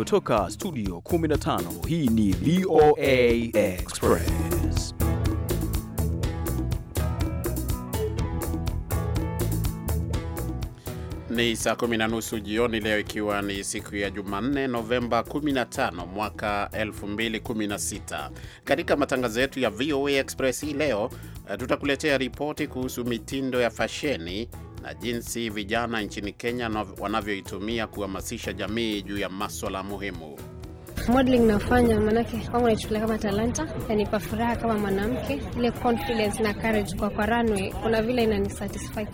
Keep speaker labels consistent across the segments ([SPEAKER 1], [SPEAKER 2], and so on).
[SPEAKER 1] kutoka studio 15 hii ni
[SPEAKER 2] VOA Express ni saa kumi na nusu jioni leo ikiwa ni siku ya Jumanne Novemba 15 mwaka 2016 katika matangazo yetu ya VOA Express hii leo eh, tutakuletea ripoti kuhusu mitindo ya fasheni na jinsi vijana nchini Kenya wanavyoitumia kuhamasisha jamii juu ya maswala muhimu.
[SPEAKER 3] Modeling nafanya manake kwangu naichukulia kama talanta, yanipa furaha kama mwanamke, ile confidence na courage kwa kwa runway, kuna vile inanisatisfy.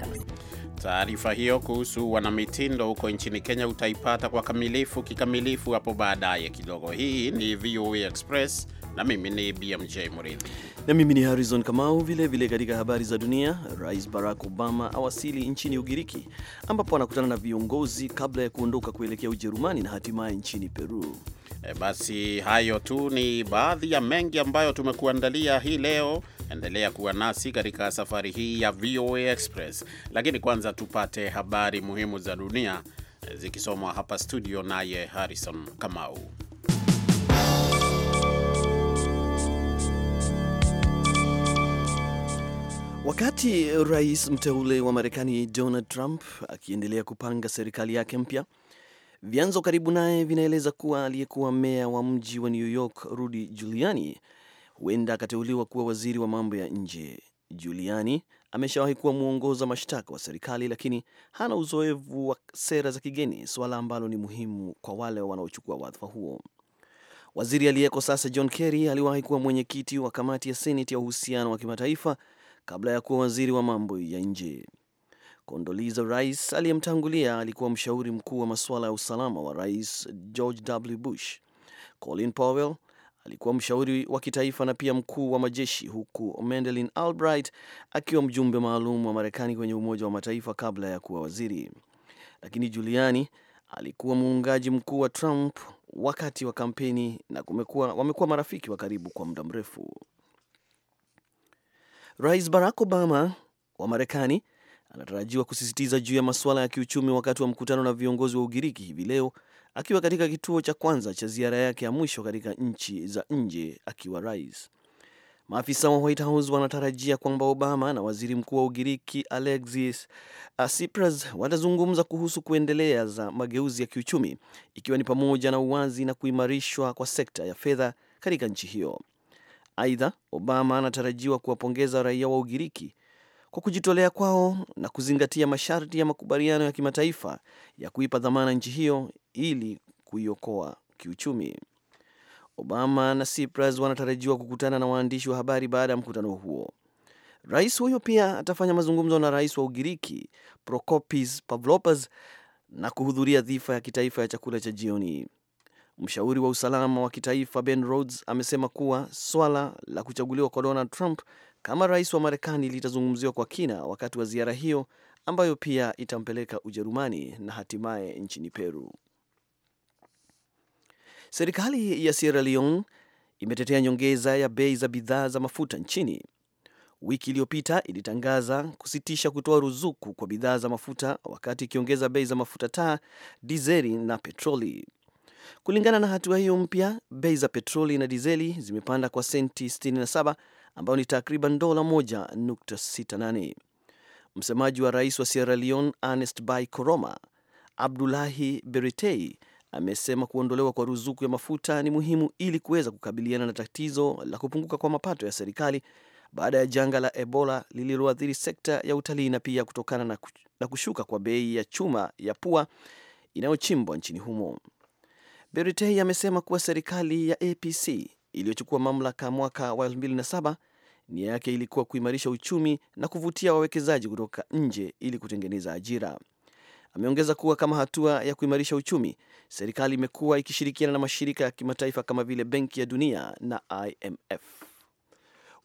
[SPEAKER 2] Taarifa hiyo kuhusu wanamitindo huko nchini Kenya utaipata kwa kamilifu kikamilifu hapo baadaye kidogo. Hii ni VOA Express na mimi ni BMJ Mridhi
[SPEAKER 1] na mimi ni Harrison Kamau. Vilevile katika habari za dunia, Rais Barack Obama awasili nchini Ugiriki ambapo anakutana na viongozi
[SPEAKER 2] kabla ya kuondoka kuelekea Ujerumani na hatimaye nchini Peru. E, basi hayo tu ni baadhi ya mengi ambayo tumekuandalia hii leo. Endelea kuwa nasi katika safari hii ya VOA Express, lakini kwanza tupate habari muhimu za dunia e, zikisomwa hapa studio naye Harrison Kamau.
[SPEAKER 1] Wakati rais mteule wa Marekani Donald Trump akiendelea kupanga serikali yake mpya, vyanzo karibu naye vinaeleza kuwa aliyekuwa meya wa mji wa New York Rudy Giuliani huenda akateuliwa kuwa waziri wa mambo ya nje. Giuliani ameshawahi kuwa mwongoza mashtaka wa serikali, lakini hana uzoefu wa sera za kigeni, suala ambalo ni muhimu kwa wale wanaochukua wadhifa huo. Waziri aliyeko sasa John Kerry aliwahi kuwa mwenyekiti wa kamati ya Seneti ya uhusiano wa kimataifa kabla ya kuwa waziri wa mambo ya nje. Kondoliza Rice aliyemtangulia alikuwa mshauri mkuu wa masuala ya usalama wa Rais George W. Bush. Colin Powell alikuwa mshauri wa kitaifa na pia mkuu wa majeshi, huku Madeleine Albright akiwa mjumbe maalum wa Marekani kwenye Umoja wa Mataifa kabla ya kuwa waziri. Lakini Giuliani alikuwa muungaji mkuu wa Trump wakati wa kampeni na wamekuwa marafiki wa karibu kwa muda mrefu. Rais Barack Obama wa Marekani anatarajiwa kusisitiza juu ya masuala ya kiuchumi wakati wa mkutano na viongozi wa Ugiriki hivi leo akiwa katika kituo cha kwanza cha ziara yake ya mwisho katika nchi za nje akiwa rais. Maafisa wa White House wanatarajia kwamba Obama na waziri mkuu wa Ugiriki Alexis Tsipras watazungumza kuhusu kuendelea za mageuzi ya kiuchumi ikiwa ni pamoja na uwazi na kuimarishwa kwa sekta ya fedha katika nchi hiyo. Aidha, Obama anatarajiwa kuwapongeza raia wa Ugiriki kwa kujitolea kwao na kuzingatia masharti ya makubaliano ya kimataifa ya kuipa dhamana nchi hiyo ili kuiokoa kiuchumi. Obama na Tsipras wanatarajiwa kukutana na waandishi wa habari baada ya mkutano huo. Rais huyo pia atafanya mazungumzo na rais wa Ugiriki Prokopis Pavlopas na kuhudhuria dhifa ya kitaifa ya chakula cha jioni. Mshauri wa usalama wa kitaifa Ben Rhodes amesema kuwa swala la kuchaguliwa kwa Donald Trump kama rais wa Marekani litazungumziwa kwa kina wakati wa ziara hiyo ambayo pia itampeleka Ujerumani na hatimaye nchini Peru. Serikali ya Sierra Leone imetetea nyongeza ya bei za bidhaa za mafuta nchini. Wiki iliyopita ilitangaza kusitisha kutoa ruzuku kwa bidhaa za mafuta wakati ikiongeza bei za mafuta taa, dizeli na petroli. Kulingana na hatua hiyo mpya, bei za petroli na dizeli zimepanda kwa senti 67 ambayo ni takriban dola 1.68. Msemaji wa rais wa Sierra Leone Ernest Bai Koroma, Abdulahi Beretei, amesema kuondolewa kwa ruzuku ya mafuta ni muhimu ili kuweza kukabiliana na tatizo la kupunguka kwa mapato ya serikali baada ya janga la Ebola lililoathiri sekta ya utalii na pia kutokana na kushuka kwa bei ya chuma ya pua inayochimbwa nchini humo. Beritei amesema kuwa serikali ya APC iliyochukua mamlaka mwaka wa 2007 nia yake ilikuwa kuimarisha uchumi na kuvutia wawekezaji kutoka nje ili kutengeneza ajira. Ameongeza kuwa kama hatua ya kuimarisha uchumi, serikali imekuwa ikishirikiana na mashirika ya kimataifa kama vile Benki ya Dunia na IMF.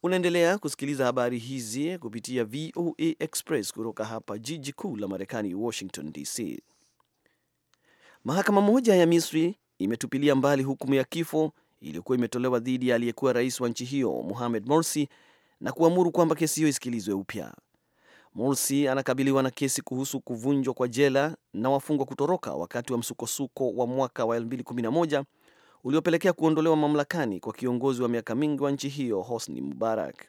[SPEAKER 1] Unaendelea kusikiliza habari hizi kupitia VOA Express kutoka hapa jiji kuu la Marekani, Washington DC. Mahakama moja ya Misri imetupilia mbali hukumu ya kifo iliyokuwa imetolewa dhidi ya aliyekuwa rais wa nchi hiyo Mohamed Morsi na kuamuru kwamba kesi hiyo isikilizwe upya. Morsi anakabiliwa na kesi kuhusu kuvunjwa kwa jela na wafungwa kutoroka wakati wa msukosuko wa mwaka wa 2011 uliopelekea kuondolewa mamlakani kwa kiongozi wa miaka mingi wa nchi hiyo Hosni Mubarak.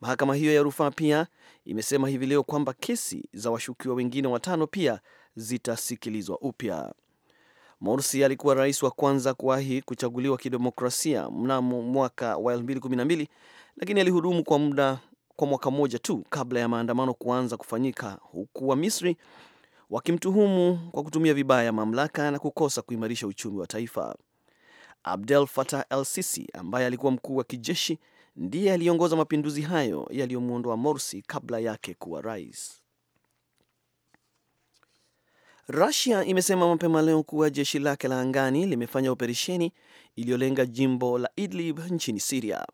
[SPEAKER 1] Mahakama hiyo ya rufaa pia imesema hivi leo kwamba kesi za washukiwa wengine watano pia zitasikilizwa upya. Morsi alikuwa rais wa kwanza kuwahi kuchaguliwa kidemokrasia mnamo mwaka wa 2012 lakini alihudumu kwa muda kwa mwaka mmoja tu kabla ya maandamano kuanza kufanyika huku wa Misri wakimtuhumu kwa kutumia vibaya mamlaka na kukosa kuimarisha uchumi wa taifa. Abdel Fattah el-Sisi ambaye alikuwa mkuu wa kijeshi ndiye aliongoza mapinduzi hayo yaliyomwondoa Morsi kabla yake kuwa rais. Rusia imesema mapema leo kuwa jeshi lake la angani limefanya operesheni iliyolenga jimbo la Idlib nchini Siria.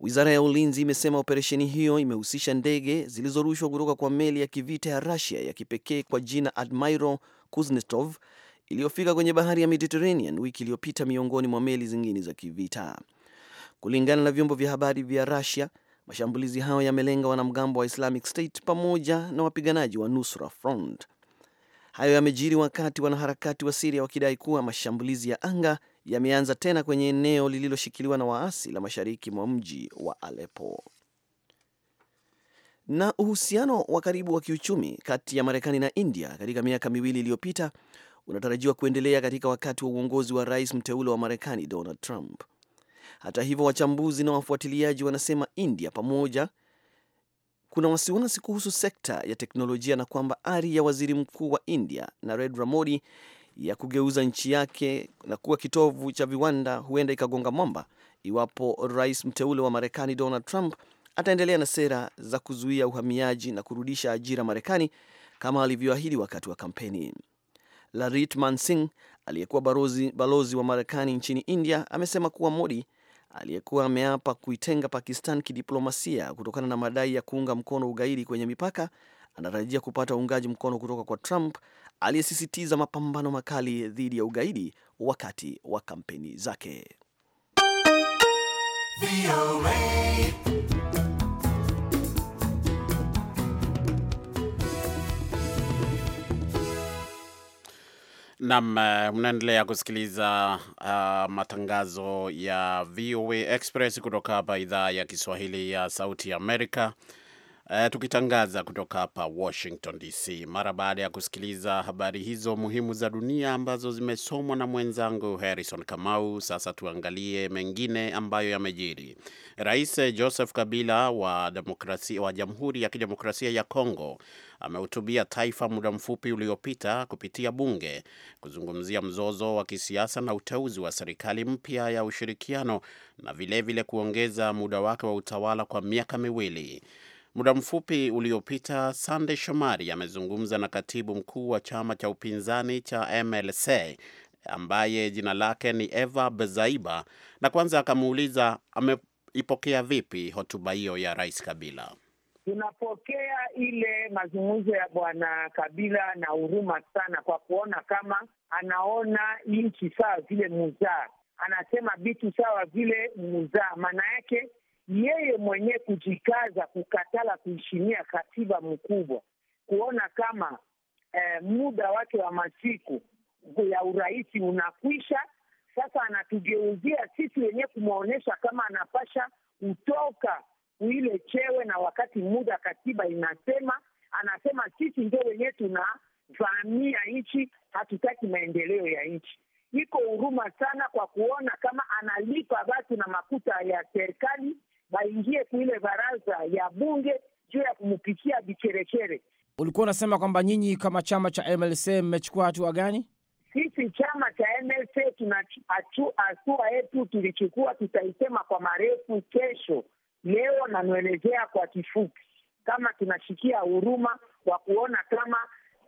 [SPEAKER 1] Wizara ya ulinzi imesema operesheni hiyo imehusisha ndege zilizorushwa kutoka kwa meli ya kivita ya Rusia ya kipekee kwa jina Admiral Kuznetsov iliyofika kwenye bahari ya Mediterranean wiki iliyopita miongoni mwa meli zingine za kivita. Kulingana na vyombo vya habari vya Rusia, mashambulizi hayo yamelenga wanamgambo wa Islamic State pamoja na wapiganaji wa Nusra Front. Hayo yamejiri wakati wanaharakati wa Siria wakidai kuwa mashambulizi ya anga yameanza tena kwenye eneo lililoshikiliwa na waasi la mashariki mwa mji wa alepo Na uhusiano wa karibu wa kiuchumi kati ya Marekani na India katika miaka miwili iliyopita unatarajiwa kuendelea katika wakati wa uongozi wa rais mteule wa Marekani Donald Trump. Hata hivyo, wachambuzi na wafuatiliaji wanasema India pamoja kuna wasiwasi kuhusu sekta ya teknolojia na kwamba ari ya waziri mkuu wa India Narendra Modi ya kugeuza nchi yake na kuwa kitovu cha viwanda huenda ikagonga mwamba iwapo rais mteule wa Marekani Donald Trump ataendelea na sera za kuzuia uhamiaji na kurudisha ajira Marekani kama alivyoahidi wakati wa kampeni. Larit Mansingh aliyekuwa balozi wa Marekani nchini India amesema kuwa Modi aliyekuwa ameapa kuitenga Pakistan kidiplomasia kutokana na madai ya kuunga mkono ugaidi kwenye mipaka anatarajia kupata uungaji mkono kutoka kwa Trump aliyesisitiza mapambano makali dhidi ya ugaidi wakati wa kampeni zake.
[SPEAKER 2] Nam, eh, mnaendelea kusikiliza uh, matangazo ya VOA Express kutoka hapa idhaa ya Kiswahili ya Sauti Amerika. Uh, tukitangaza kutoka hapa Washington DC mara baada ya kusikiliza habari hizo muhimu za dunia ambazo zimesomwa na mwenzangu Harrison Kamau. Sasa tuangalie mengine ambayo yamejiri. Rais Joseph Kabila wa demokrasia, wa Jamhuri ya Kidemokrasia ya Kongo amehutubia taifa muda mfupi uliopita kupitia bunge kuzungumzia mzozo wa kisiasa na uteuzi wa serikali mpya ya ushirikiano na vilevile vile kuongeza muda wake wa utawala kwa miaka miwili. Muda mfupi uliopita, Sande Shomari amezungumza na katibu mkuu wa chama cha upinzani cha MLC ambaye jina lake ni Eva Bezaiba, na kwanza akamuuliza ameipokea vipi hotuba hiyo ya Rais Kabila.
[SPEAKER 4] Tunapokea ile mazungumzo ya bwana Kabila na huruma sana, kwa kuona kama anaona nchi sawa vile muzaa, anasema vitu sawa vile muzaa, maana yake yeye mwenyewe kujikaza kukatala kuheshimia katiba mkubwa, kuona kama eh, muda wake wa masiku ya urais unakwisha. Sasa anatugeuzia sisi wenyewe kumwonyesha kama anapasha kutoka kuile chewe, na wakati muda katiba inasema, anasema sisi ndio wenyewe tunavamia nchi, hatutaki maendeleo ya nchi. Iko huruma sana kwa kuona kama analipa basi na makuta ya serikali baingie kuile baraza ya bunge juu ya kumpikia vicherechere. Ulikuwa unasema kwamba nyinyi kama chama cha MLC mmechukua hatua gani? Sisi chama cha MLC tuna hatua yetu tulichukua, tutaisema kwa marefu kesho. Leo nanuelezea kwa kifupi, kama tunashikia huruma wa kuona kama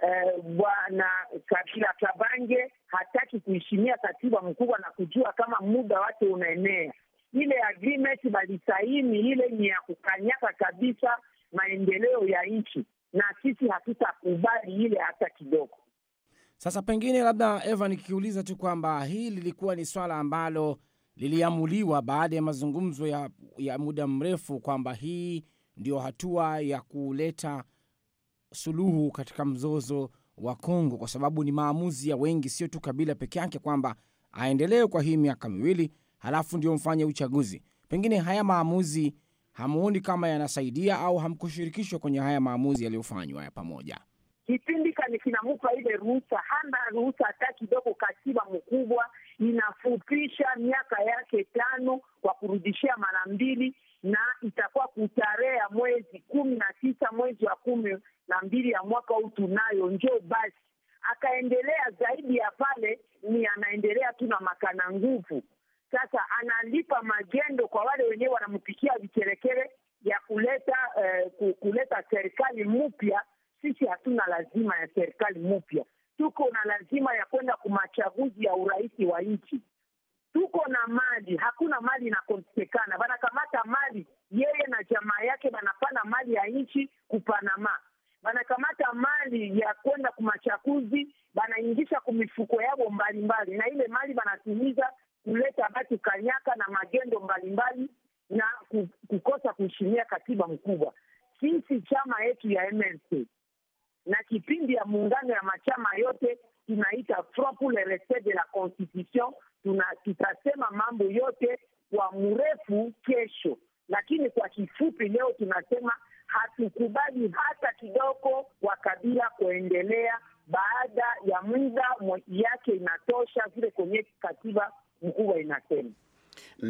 [SPEAKER 4] eh, bwana Kabila Kabange hataki kuheshimia katiba mkubwa na kujua kama muda wake unaenea ile agreement walisaini ile ni ya kukanyaka kabisa maendeleo ya nchi, na sisi hatutakubali ile hata kidogo.
[SPEAKER 5] Sasa pengine labda Eva, nikiuliza tu kwamba hii lilikuwa ni swala ambalo liliamuliwa baada ya mazungumzo ya, ya muda mrefu kwamba hii ndio hatua ya kuleta suluhu katika mzozo wa Kongo, kwa sababu ni maamuzi ya wengi, sio tu Kabila peke yake kwamba aendelee kwa hii miaka miwili, halafu ndio mfanye uchaguzi. Pengine haya maamuzi hamuoni kama yanasaidia au hamkushirikishwa kwenye haya maamuzi yaliyofanywa ya pamoja?
[SPEAKER 4] Kipindi kani kinamupa ile ruhusa, hana ruhusa hata kidogo. Katiba mkubwa inafupisha miaka yake tano kwa kurudishia mara mbili, na itakuwa kutarehe ya mwezi kumi na tisa mwezi wa kumi na mbili ya mwaka huu tunayo, njo basi. Akaendelea zaidi ya pale, ni anaendelea tu na makana nguvu sasa analipa magendo kwa wale wenyewe wanampikia vicherekere ya kuleta uh, kuleta serikali mpya. Sisi hatuna lazima ya serikali mpya, tuko na lazima ya kwenda kumachaguzi ya urais wa nchi. Tuko na mali, hakuna mali inakosekana. banakamata mali, yeye na jamaa yake banapana mali ya nchi kupanama, banakamata mali ya kwenda kumachaguzi, banaingisha kumifuko yao mbalimbali, na ile mali banatumiza kuleta batu kanyaka na magendo mbalimbali na kukosa kuheshimia katiba mkubwa. Sisi chama yetu ya MLC na kipindi ya muungano ya machama yote tunaita Front pour le respect de la constitution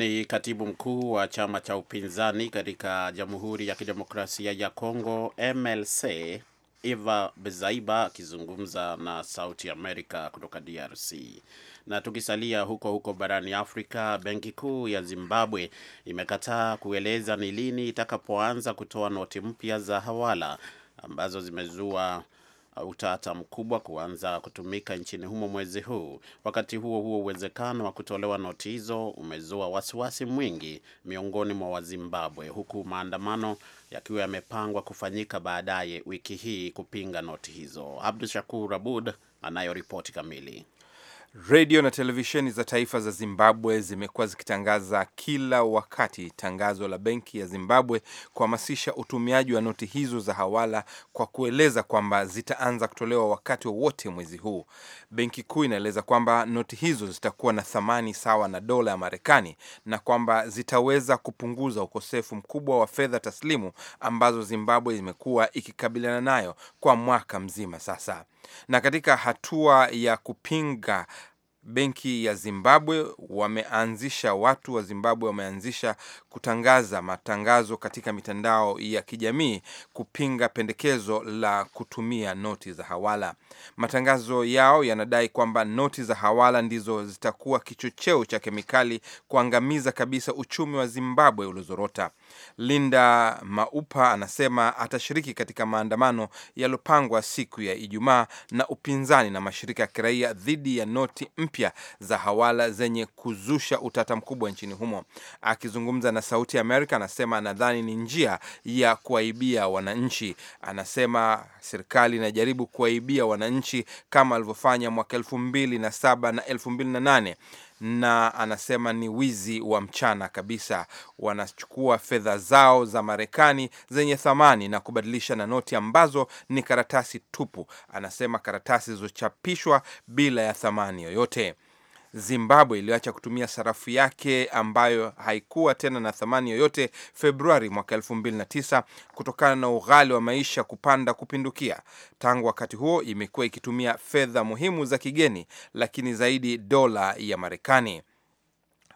[SPEAKER 2] ni katibu mkuu wa chama cha upinzani katika Jamhuri ya Kidemokrasia ya Kongo MLC Eva Bezaiba akizungumza na Sauti Amerika kutoka DRC. Na tukisalia huko huko barani Afrika, benki kuu ya Zimbabwe imekataa kueleza ni lini itakapoanza kutoa noti mpya za hawala ambazo zimezua utata mkubwa kuanza kutumika nchini humo mwezi huu. Wakati huo huo, uwezekano wa kutolewa noti hizo umezua wasiwasi mwingi miongoni mwa Wazimbabwe, huku maandamano yakiwa yamepangwa kufanyika baadaye wiki hii kupinga noti hizo. Abdu Shakur Abud anayo ripoti kamili. Redio na televisheni za taifa za Zimbabwe zimekuwa zikitangaza
[SPEAKER 5] kila wakati tangazo la benki ya Zimbabwe kuhamasisha utumiaji wa noti hizo za hawala kwa kueleza kwamba zitaanza kutolewa wakati wowote mwezi huu. Benki kuu inaeleza kwamba noti hizo zitakuwa na thamani sawa na dola ya Marekani na kwamba zitaweza kupunguza ukosefu mkubwa wa fedha taslimu ambazo Zimbabwe imekuwa ikikabiliana nayo kwa mwaka mzima sasa. Na katika hatua ya kupinga Benki ya Zimbabwe wameanzisha watu wa Zimbabwe wameanzisha kutangaza matangazo katika mitandao ya kijamii kupinga pendekezo la kutumia noti za hawala. Matangazo yao yanadai kwamba noti za hawala ndizo zitakuwa kichocheo cha kemikali kuangamiza kabisa uchumi wa Zimbabwe uliozorota. Linda Maupa anasema atashiriki katika maandamano yaliyopangwa siku ya Ijumaa na upinzani na mashirika ya kiraia dhidi ya noti mpya za hawala zenye kuzusha utata mkubwa nchini humo. Akizungumza na Sauti ya Amerika, anasema nadhani ni njia ya kuwaibia wananchi. Anasema serikali inajaribu kuwaibia wananchi kama alivyofanya mwaka elfu mbili na saba na elfu mbili na nane na anasema ni wizi wa mchana kabisa. Wanachukua fedha zao za Marekani zenye thamani na kubadilisha na noti ambazo ni karatasi tupu. Anasema karatasi zilizochapishwa bila ya thamani yoyote. Zimbabwe iliyoacha kutumia sarafu yake ambayo haikuwa tena na thamani yoyote Februari mwaka tisa kutokana na ughali wa maisha kupanda kupindukia. Tangu wakati huo imekuwa ikitumia fedha muhimu za kigeni, lakini zaidi dola ya Marekani.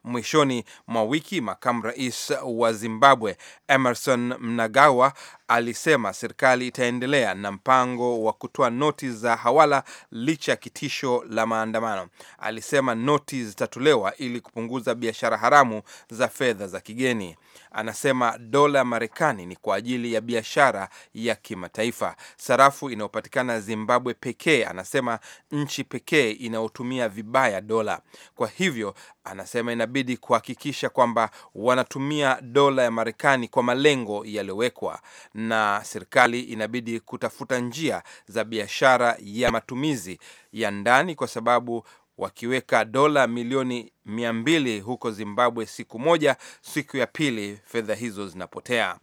[SPEAKER 5] Mwishoni mwa wiki makamu rais wa Zimbabwe Emerson Mnangagwa alisema serikali itaendelea na mpango wa kutoa noti za hawala licha ya kitisho la maandamano. Alisema noti zitatolewa ili kupunguza biashara haramu za fedha za kigeni. Anasema dola ya Marekani ni kwa ajili ya biashara ya kimataifa, sarafu inayopatikana Zimbabwe pekee, anasema nchi pekee inayotumia vibaya dola. Kwa hivyo anasema inabidi kuhakikisha kwamba wanatumia dola ya Marekani kwa malengo yaliyowekwa na serikali inabidi kutafuta njia za biashara ya matumizi ya ndani kwa sababu wakiweka dola milioni mia mbili huko Zimbabwe siku moja, siku ya pili fedha hizo zinapotea.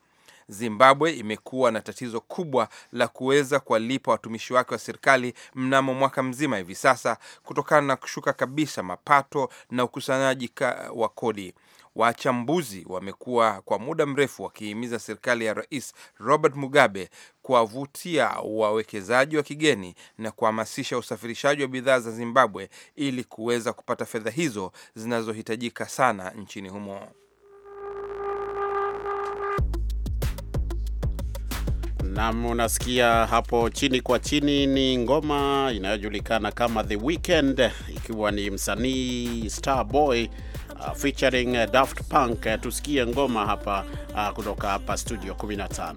[SPEAKER 5] Zimbabwe imekuwa na tatizo kubwa la kuweza kuwalipa watumishi wake wa serikali mnamo mwaka mzima hivi sasa kutokana na kushuka kabisa mapato na ukusanyaji wa kodi. Wachambuzi wamekuwa kwa muda mrefu wakihimiza serikali ya Rais Robert Mugabe kuwavutia wawekezaji wa kigeni na kuhamasisha usafirishaji wa bidhaa za Zimbabwe ili kuweza kupata fedha hizo zinazohitajika sana nchini humo.
[SPEAKER 2] Nam, unasikia hapo chini kwa chini, ni ngoma inayojulikana kama The Weeknd, ikiwa ni msanii Starboy uh, featuring uh, Daft Punk. Uh, tusikie ngoma hapa uh, kutoka hapa studio 15.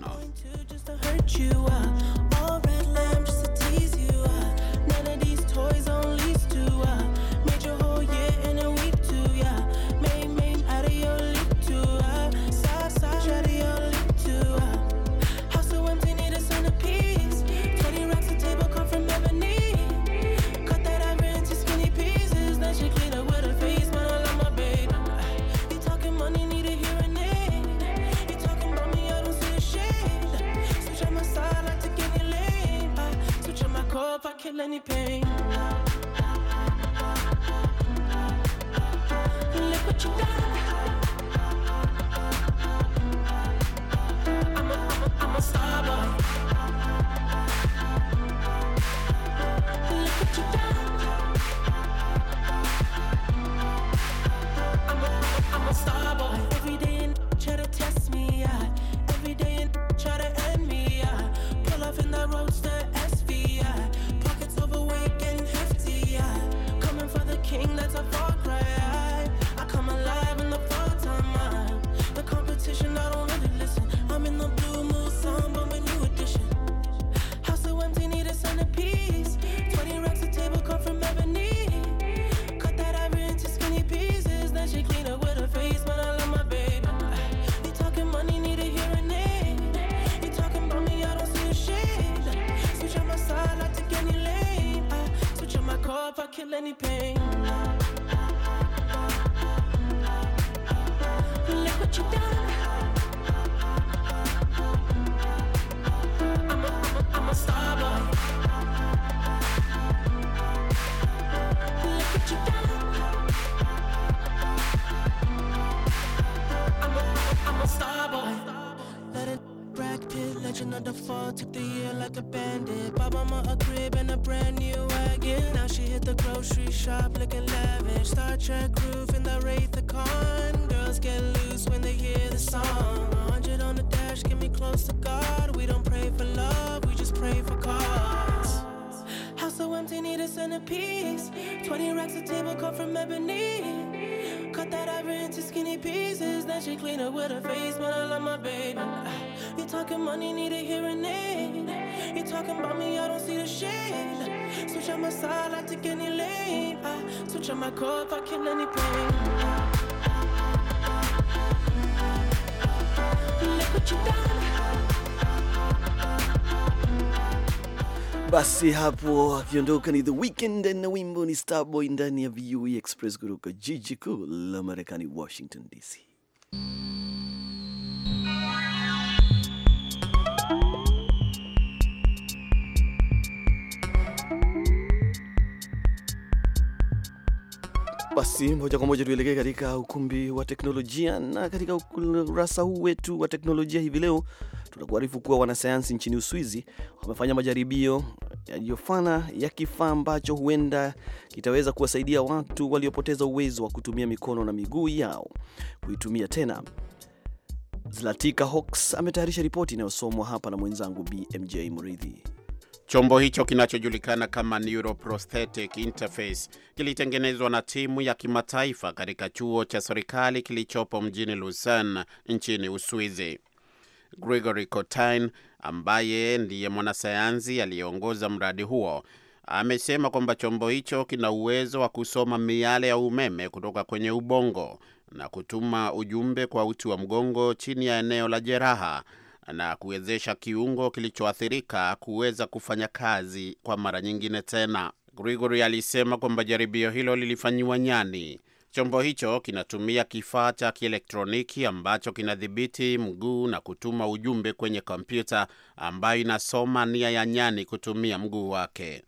[SPEAKER 6] a piece. 20 racks of table cut from ebony. Cut that ivory into skinny pieces. Then she clean up with her face, but I love my baby. Ah, you talking money, need a hearing aid. You talking about me, I don't see the shade. Switch on my side, I take any lane. Ah, I switch on my core if I kill any pain. Ah, Look what you done.
[SPEAKER 1] Basi hapo akiondoka ni The Weeknd na wimbo ni Starboy ndani ya VOA e Express kutoka jiji kuu la Marekani, Washington DC. Basi moja kwa moja tuelekee katika ukumbi wa teknolojia, na katika ukurasa huu wetu wa teknolojia hivi leo tunakuarifu kuwa wanasayansi nchini Uswizi wamefanya majaribio yaliyofana ya kifaa ambacho huenda kitaweza kuwasaidia watu waliopoteza uwezo wa kutumia mikono na miguu yao kuitumia
[SPEAKER 2] tena. Zlatika Hawks ametayarisha ripoti inayosomwa hapa na mwenzangu BMJ Mridhi. Chombo hicho kinachojulikana kama neuroprosthetic interface kilitengenezwa na timu ya kimataifa katika chuo cha serikali kilichopo mjini Lausanne nchini Uswizi. Gregory Cotine ambaye ndiye mwanasayansi aliyeongoza mradi huo amesema kwamba chombo hicho kina uwezo wa kusoma miale ya umeme kutoka kwenye ubongo na kutuma ujumbe kwa uti wa mgongo chini ya eneo la jeraha na kuwezesha kiungo kilichoathirika kuweza kufanya kazi kwa mara nyingine tena. grigory alisema kwamba jaribio hilo lilifanyiwa nyani. Chombo hicho kinatumia kifaa cha kielektroniki ambacho kinadhibiti mguu na kutuma ujumbe kwenye kompyuta ambayo inasoma nia ya nyani kutumia mguu wake.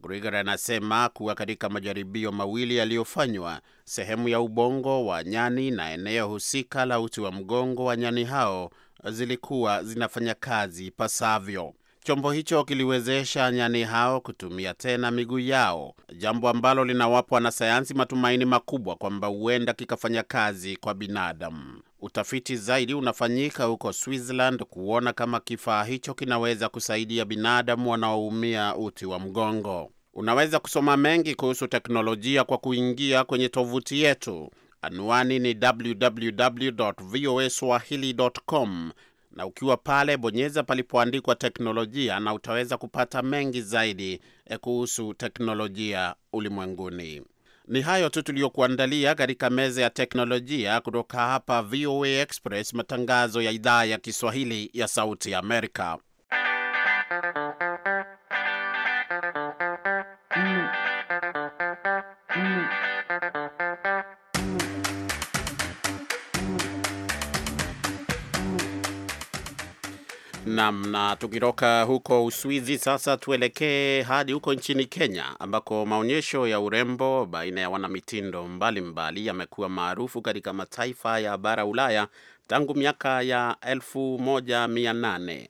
[SPEAKER 2] Grigor anasema kuwa katika majaribio mawili yaliyofanywa, sehemu ya ubongo wa nyani na eneo husika la uti wa mgongo wa nyani hao zilikuwa zinafanya kazi pasavyo. Chombo hicho kiliwezesha nyani hao kutumia tena miguu yao, jambo ambalo linawapa wanasayansi matumaini makubwa kwamba huenda kikafanya kazi kwa binadamu. Utafiti zaidi unafanyika huko Switzerland kuona kama kifaa hicho kinaweza kusaidia binadamu wanaoumia uti wa mgongo. Unaweza kusoma mengi kuhusu teknolojia kwa kuingia kwenye tovuti yetu. Anwani ni www voa swahili com na ukiwa pale bonyeza palipoandikwa teknolojia, na utaweza kupata mengi zaidi eh, kuhusu teknolojia ulimwenguni. Ni hayo tu tuliyokuandalia katika meza ya teknolojia kutoka hapa VOA Express, matangazo ya idhaa ya Kiswahili ya Sauti ya Amerika. Nam na tukitoka huko Uswizi sasa tuelekee hadi huko nchini Kenya ambako maonyesho ya urembo baina ya wanamitindo mbalimbali yamekuwa maarufu katika mataifa ya bara Ulaya tangu miaka ya 1800.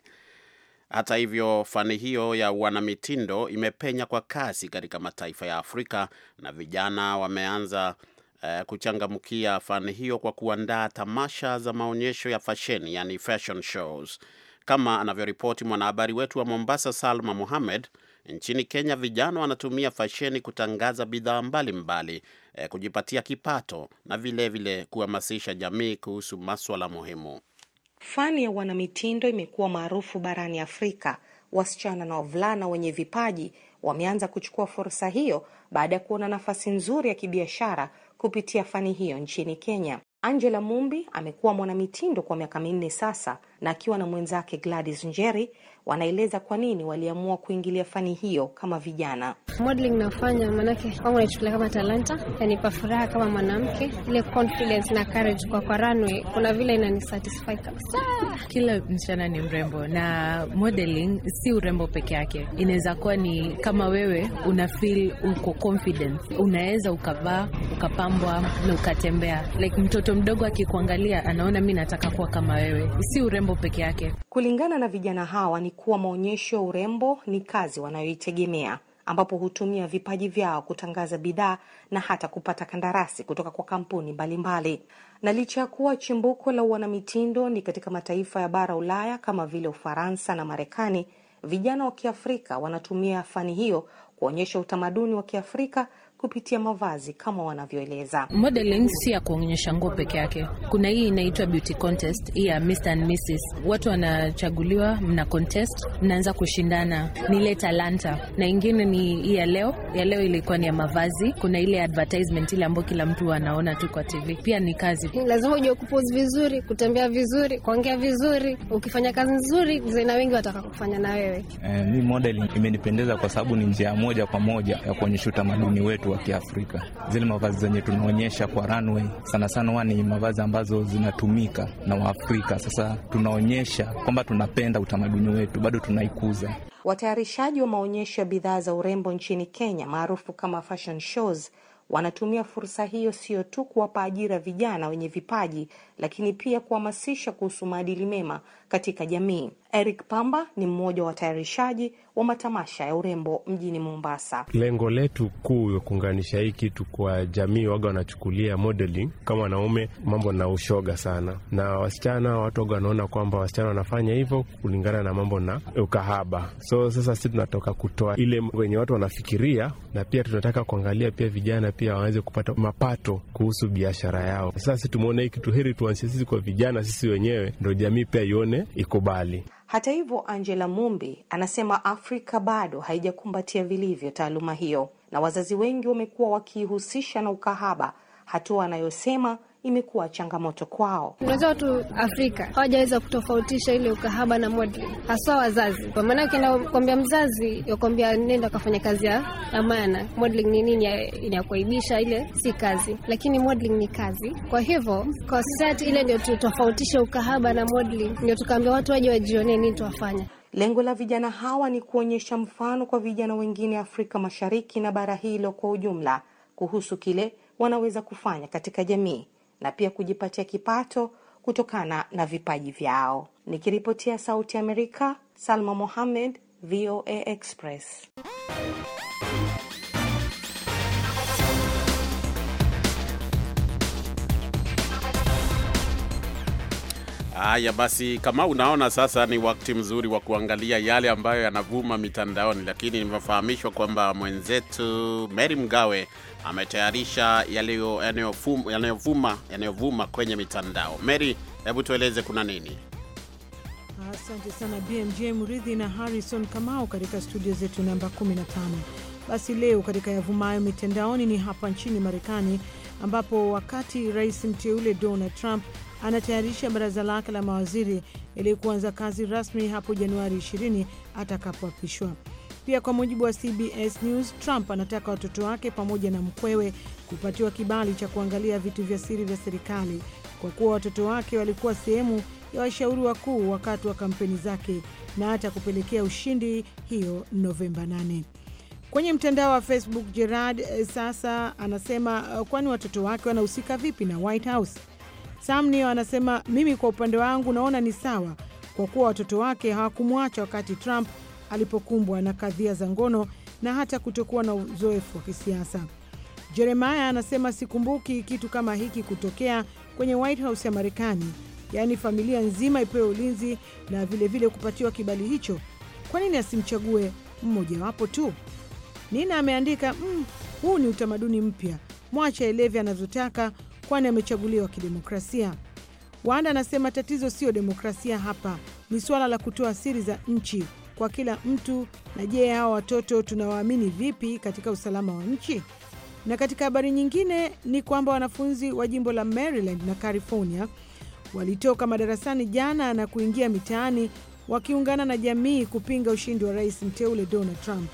[SPEAKER 2] Hata hivyo, fani hiyo ya wanamitindo imepenya kwa kasi katika mataifa ya Afrika na vijana wameanza uh, kuchangamkia fani hiyo kwa kuandaa tamasha za maonyesho ya fasheni, yani fashion shows. Kama anavyoripoti mwanahabari wetu wa Mombasa, Salma Mohamed, nchini Kenya vijana wanatumia fasheni kutangaza bidhaa mbalimbali, e, kujipatia kipato na vilevile kuhamasisha jamii kuhusu maswala muhimu.
[SPEAKER 7] Fani ya wanamitindo imekuwa maarufu barani Afrika. Wasichana na wavulana wenye vipaji wameanza kuchukua fursa hiyo baada ya kuona nafasi nzuri ya kibiashara kupitia fani hiyo nchini Kenya. Angela Mumbi amekuwa mwanamitindo kwa miaka minne sasa na akiwa na mwenzake Gladys Njeri wanaeleza kwa nini waliamua kuingilia fani hiyo kama vijana. Modeling nafanya manake
[SPEAKER 3] kwangu naichukulia kama talanta, yanipa furaha kama mwanamke, ile confidence na courage kwa kwa runway, kuna vile inanisatisfy kabisa.
[SPEAKER 7] Kila msichana ni mrembo na modeling si urembo peke yake, inaweza kuwa ni kama wewe una feel uko confidence, unaweza ukavaa ukapambwa na ukatembea like mtoto mdogo akikuangalia anaona mi nataka kuwa kama wewe. Si urembo peke yake. Kulingana na vijana hawa ni kuwa maonyesho ya urembo ni kazi wanayoitegemea, ambapo hutumia vipaji vyao kutangaza bidhaa na hata kupata kandarasi kutoka kwa kampuni mbalimbali. Na licha ya kuwa chimbuko la wanamitindo ni katika mataifa ya bara Ulaya kama vile Ufaransa na Marekani, vijana wa Kiafrika wanatumia fani hiyo kuonyesha utamaduni wa Kiafrika kupitia mavazi kama wanavyoeleza. Modeling si ya kuonyesha nguo peke yake. Kuna hii inaitwa beauty contest ya Mr and Mrs. Watu wanachaguliwa, mna contest, mnaanza kushindana, ni ile talanta, na ingine ni hii ya leo. Ya leo ilikuwa ni ya mavazi. Kuna ile advertisement ile ambayo kila mtu anaona tu kwa TV, pia ni kazi. Lazima ujue
[SPEAKER 3] kupose vizuri, kutembea vizuri, kuongea vizuri. Ukifanya kazi nzuri, zina wengi wataka kufanya na wewe.
[SPEAKER 5] Eh, mi modeling imenipendeza kwa sababu ni njia moja kwa moja ya kuonyesha utamaduni wetu wa Kiafrika. Zile mavazi zenye tunaonyesha kwa runway sana sana huwa ni mavazi ambazo zinatumika na Waafrika. Sasa tunaonyesha kwamba tunapenda utamaduni wetu, bado tunaikuza.
[SPEAKER 7] Watayarishaji wa maonyesho ya bidhaa za urembo nchini Kenya maarufu kama fashion shows wanatumia fursa hiyo sio tu kuwapa ajira vijana wenye vipaji lakini pia kuhamasisha kuhusu maadili mema katika jamii. Eric Pamba ni mmoja wa watayarishaji wa matamasha ya urembo mjini Mombasa.
[SPEAKER 5] Lengo letu kuu ya kuunganisha hii kitu kwa jamii, waga wanachukulia modeling kama wanaume mambo na ushoga sana, na wasichana watu waga wanaona kwamba wasichana wanafanya hivyo kulingana na mambo na ukahaba. So sasa si tunatoka kutoa ile wenye watu wanafikiria, na pia tunataka kuangalia pia vijana pia waweze kupata mapato kuhusu biashara yao. Sasa si tumeona hii kitu heri tu tuanzie sisi kwa vijana, sisi wenyewe ndo jamii pia ione ikubali.
[SPEAKER 7] Hata hivyo, Angela Mumbi anasema Afrika bado haijakumbatia vilivyo taaluma hiyo na wazazi wengi wamekuwa wakiihusisha na ukahaba, hatua anayosema imekuwa changamoto kwao.
[SPEAKER 3] Unaweza watu Afrika hawajaweza kutofautisha ile ukahaba na modli, haswa wazazi. Kwa maana ukienda kuambia mzazi yakuambia nenda kafanya kazi ya amana, modeling ni nini, inakuaibisha ile si kazi, lakini modli ni kazi. Kwa hivyo kwa
[SPEAKER 7] ile ndio tutofautishe ukahaba na modli, ndio tukaambia watu waje wajionee nini tuwafanya Lengo la vijana hawa ni kuonyesha mfano kwa vijana wengine Afrika Mashariki na bara hilo kwa ujumla kuhusu kile wanaweza kufanya katika jamii na pia kujipatia kipato kutokana na vipaji vyao. Nikiripotia Sauti ya Amerika, Salma Mohamed, VOA Express.
[SPEAKER 2] Haya basi, kama unaona sasa, ni wakati mzuri wa kuangalia yale ambayo yanavuma mitandaoni, lakini nimefahamishwa kwamba mwenzetu Mary Mgawe ametayarisha yanayovuma yanayovuma kwenye mitandao. Mary, hebu tueleze kuna nini?
[SPEAKER 8] Asante sana BMJ mridhi na Harrison Kamau katika studio zetu namba 15. Basi leo katika yavumayo mitandaoni ni hapa nchini Marekani, ambapo wakati rais mteule Donald Trump anatayarisha baraza lake la mawaziri ili kuanza kazi rasmi hapo Januari 20 atakapoapishwa. Pia kwa mujibu wa CBS News, Trump anataka watoto wake pamoja na mkwewe kupatiwa kibali cha kuangalia vitu vya siri vya serikali kwa kuwa watoto wake walikuwa sehemu ya washauri wakuu wakati wa kampeni zake na hata kupelekea ushindi hiyo Novemba 8. Kwenye mtandao wa Facebook, Gerard sasa anasema kwani watoto wake wanahusika vipi na White House? Samnio anasema mimi kwa upande wangu naona ni sawa kwa kuwa watoto wake hawakumwacha wakati Trump alipokumbwa na kadhia za ngono na hata kutokuwa na uzoefu wa kisiasa. Jeremiah anasema sikumbuki kitu kama hiki kutokea kwenye White House ya Marekani, yaani familia nzima ipewe ulinzi na vilevile vile kupatiwa kibali hicho. Kwa nini asimchague mmojawapo tu? Nina ameandika mm, huu ni utamaduni mpya, mwache elevi anavyotaka kwani amechaguliwa kidemokrasia. Wanda anasema tatizo siyo demokrasia hapa, ni suala la kutoa siri za nchi kwa kila mtu. Na je, hawa watoto tunawaamini vipi katika usalama wa nchi? Na katika habari nyingine ni kwamba wanafunzi wa jimbo la Maryland na California walitoka madarasani jana na kuingia mitaani wakiungana na jamii kupinga ushindi wa rais mteule Donald Trump.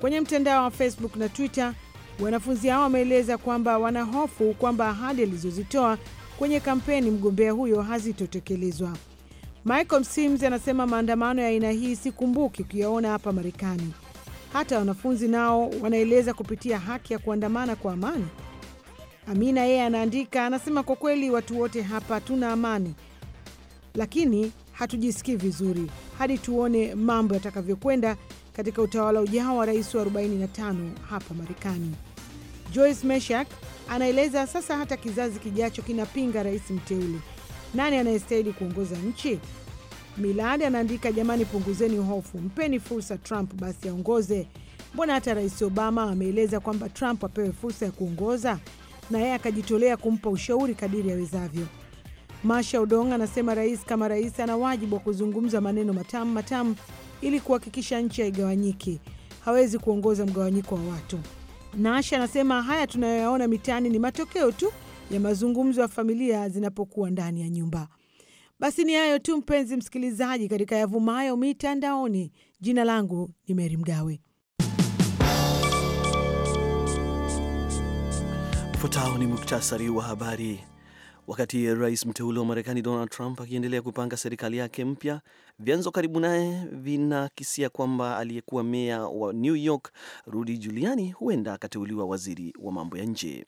[SPEAKER 8] Kwenye mtandao wa Facebook na Twitter, Wanafunzi hao wameeleza kwamba wanahofu kwamba ahadi alizozitoa kwenye kampeni mgombea huyo hazitotekelezwa. Michael Sims anasema maandamano ya aina hii sikumbuki kuyaona hapa Marekani. Hata wanafunzi nao wanaeleza kupitia haki ya kuandamana kwa amani. Amina yeye anaandika, anasema kwa kweli watu wote hapa tuna amani, lakini hatujisikii vizuri hadi tuone mambo yatakavyokwenda katika utawala ujao wa rais wa 45 hapa Marekani. Joyce Meshak anaeleza sasa hata kizazi kijacho kinapinga rais mteule. Nani anayestahili kuongoza nchi? Milad anaandika, jamani, punguzeni hofu, mpeni fursa Trump basi aongoze. Mbona hata rais Obama ameeleza kwamba Trump apewe fursa ya kuongoza na yeye akajitolea kumpa ushauri kadiri awezavyo. Masha Odong anasema rais kama rais ana wajibu wa kuzungumza maneno matamu matamu ili kuhakikisha nchi haigawanyiki. Hawezi kuongoza mgawanyiko wa watu. Nash anasema haya tunayoyaona mitaani ni matokeo tu ya mazungumzo ya familia zinapokuwa ndani ya nyumba. Basi ni hayo tu, mpenzi msikilizaji, katika yavumayo mitandaoni. Jina langu ni Meri Mgawe.
[SPEAKER 1] Fuatao ni muktasari wa habari. Wakati rais mteule wa Marekani Donald Trump akiendelea kupanga serikali yake mpya, vyanzo karibu naye vinakisia kwamba aliyekuwa meya wa New York Rudy Giuliani huenda akateuliwa waziri wa mambo ya nje.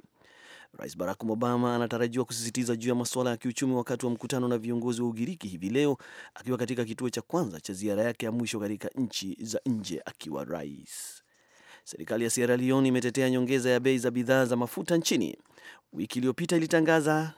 [SPEAKER 1] Rais Barack Obama anatarajiwa kusisitiza juu ya masuala ya kiuchumi wakati wa mkutano na viongozi wa Ugiriki hivi leo, akiwa katika kituo cha kwanza cha ziara yake ya mwisho katika nchi za nje akiwa rais. Serikali ya Sierra Leone imetetea nyongeza ya bei za bidhaa za mafuta nchini. Wiki iliyopita ilitangaza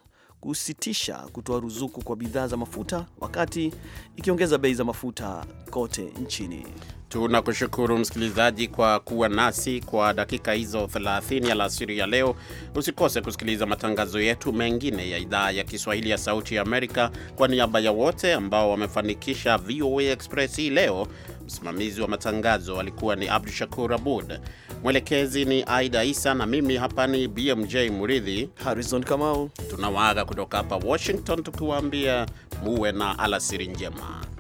[SPEAKER 1] kusitisha kutoa ruzuku kwa bidhaa za mafuta wakati ikiongeza bei za mafuta kote
[SPEAKER 2] nchini. Tunakushukuru msikilizaji kwa kuwa nasi kwa dakika hizo 30 alasiri ya leo. Usikose kusikiliza matangazo yetu mengine ya idhaa ya Kiswahili ya Sauti ya Amerika. Kwa niaba ya wote ambao wamefanikisha VOA Express hii leo, msimamizi wa matangazo alikuwa ni Abdu Shakur Abud, mwelekezi ni Aida Isa na mimi hapa ni BMJ Muridhi Harrison Kamau. Tunawaaga kutoka hapa Washington tukiwaambia muwe na alasiri njema.